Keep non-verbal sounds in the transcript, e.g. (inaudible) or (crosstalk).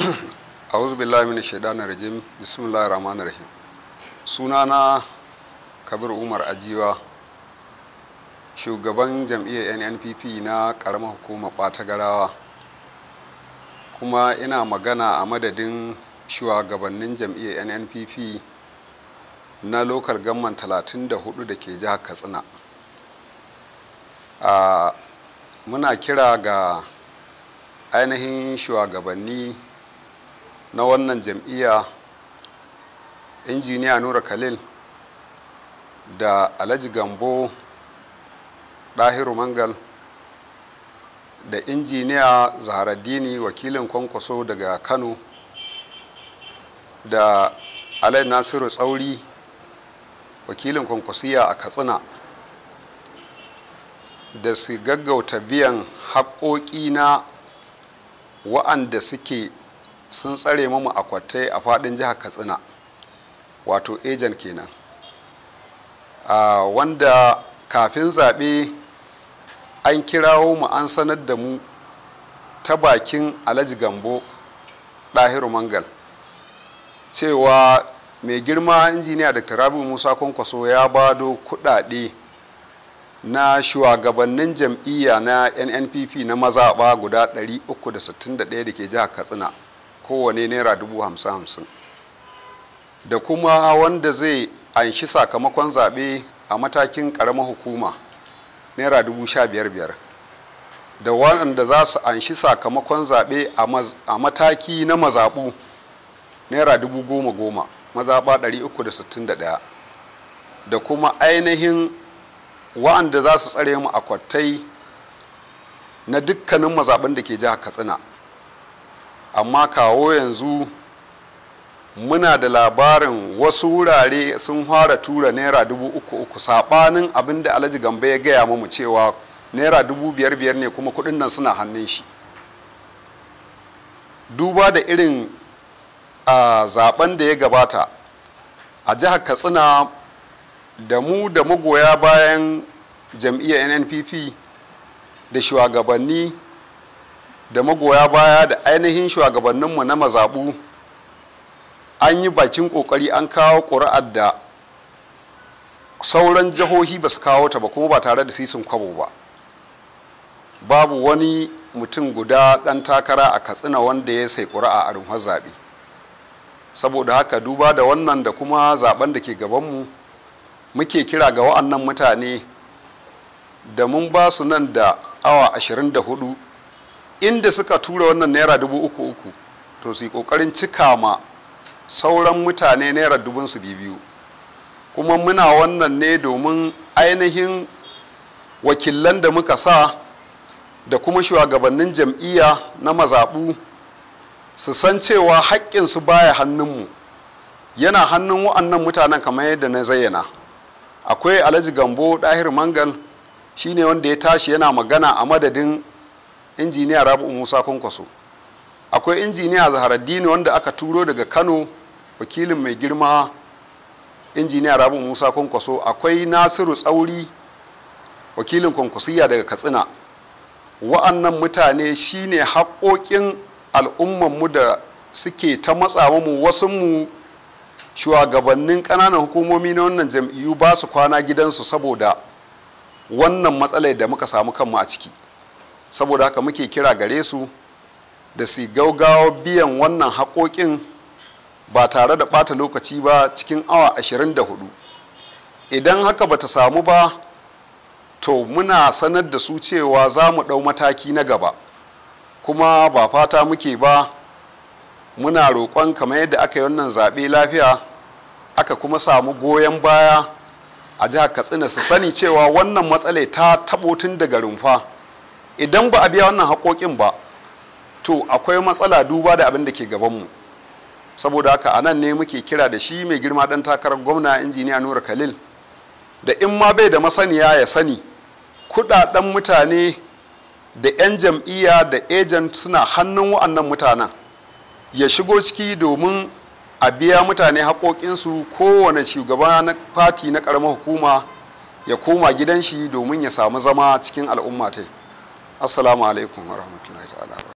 (clears throat) a'udhu billahi minash rajim bismillah rahman rahim sunana kabir umar ajiwa shugaban jam'iyyar nnpp na karamar hukumar garawa kuma ina magana a madadin shugabannin jam'iyyar nnpp na lokal gamman 34 da ke jihar katsina ah, muna kira ga ainihin shugabanni na wannan jam'iyya injiniya nura khalil da alhaji gambo ɗahiru mangal da injiniya zaharaddini wakilin kwankwaso daga kano da alai nasiru tsauri wakilin kwankwasiya a katsina da su gaggauta biyan haƙoƙi na wa'anda suke sun tsare mamu akwatai a fadin jihar katsina wato agent kenan wanda kafin zaɓe an kirawo mu an sanar da mu ta bakin alhaji gambo ɗahiru mangal cewa mai girma injiniya dr rabiu musa kwankwaso ya bado kuɗaɗe na shugabannin jam'iyya na nnpp na mazaɓa guda 361 da ke jihar katsina kowane naira dubu hamsin hamsin da kuma wanda zai anshi sakamakon zaɓe a matakin ƙaramar hukuma naira dubu sha biyar biyar da waɗanda za su anshi sakamakon zaɓe a mataki na mazaɓu naira dubu goma goma mazaɓa ɗari uku da sittin da Da ɗaya. kuma ainihin wa'anda za su tsare mu akwatai na dukkanin mazaɓin da ke jihar katsina amma kawo yanzu muna da labarin wasu wurare sun fara tura naira dubu uku uku saɓanin abin da alhaji gambe ya gaya mu cewa naira dubu biyar biyar ne kuma kuɗin nan suna hannun shi duba da irin a zaben da ya gabata a jihar katsina da mu da magoya bayan jam'iyyar nnpp da shugabanni da magoya baya da ainihin shugabanninmu na mazaɓu an yi bakin ƙoƙari an kawo ƙuri'ar da sauran jihohi ba su kawo ta ba kuma ba tare da sisin kwabo ba babu wani mutum guda ɗan takara a katsina wanda ya sai ƙuri'a a rumfar zaɓe saboda haka duba da wannan da kuma zaben da ke gabanmu muke kira ga wa'annan mutane da mun ba su nan da awa 24 inda suka tura wannan naira dubu uku uku to su yi kokarin cika ma sauran mutane naira dubun su biyu kuma muna wannan ne domin ainihin wakilan da muka sa da kuma shugabannin jam'iyya na mazaɓu su san cewa haƙƙinsu baya hannunmu yana hannun wa'annan mutanen kamar yadda na zayyana akwai alhaji gambo ɗahir mangal shine wanda ya tashi yana magana a madadin injiniya rabu musa kwankwaso akwai injiniya zaharaddini wanda aka turo daga kano wakilin mai girma injiniya rabu musa kwankwaso akwai nasiru tsauri wakilin kwankwasiya daga katsina wa'annan mutane shine haƙoƙin al'ummanmu da suke ta matsa mu wasu mu shugabannin ƙananan hukumomi na wannan jam'iyyu ba su kwana gidansu saboda wannan matsalar da muka samu kanmu a ciki saboda haka muke kira gare su da su gaugawa biyan wannan haƙoƙin ba tare da ɓata lokaci ba cikin awa 24 idan haka ba ta samu ba to muna sanar da su cewa za mu ɗau mataki na gaba kuma ba fata muke ba muna roƙon kamar yadda aka yi wannan zaɓe lafiya aka kuma samu goyon baya a jihar katsina su sani cewa wannan matsala ta tabo tun daga rumfa idan ba a biya wannan haƙoƙin ba to akwai matsala duba da abin da ke gabanmu saboda haka a nan ne muke kira da shi mai girma dan takarar gwamna injiniya nura khalil da in ma bai da masaniya ya sani kuɗaɗen mutane da 'yan jam'iyya da agent suna hannun wa'annan mutanen ya shigo ciki domin a biya mutane haƙoƙinsu kowane shugaba na fati na ƙaramar hukuma ya koma gidan shi domin ya samu zama cikin al'ummatai assalamu alaikum wa rahmatullahi ta'ala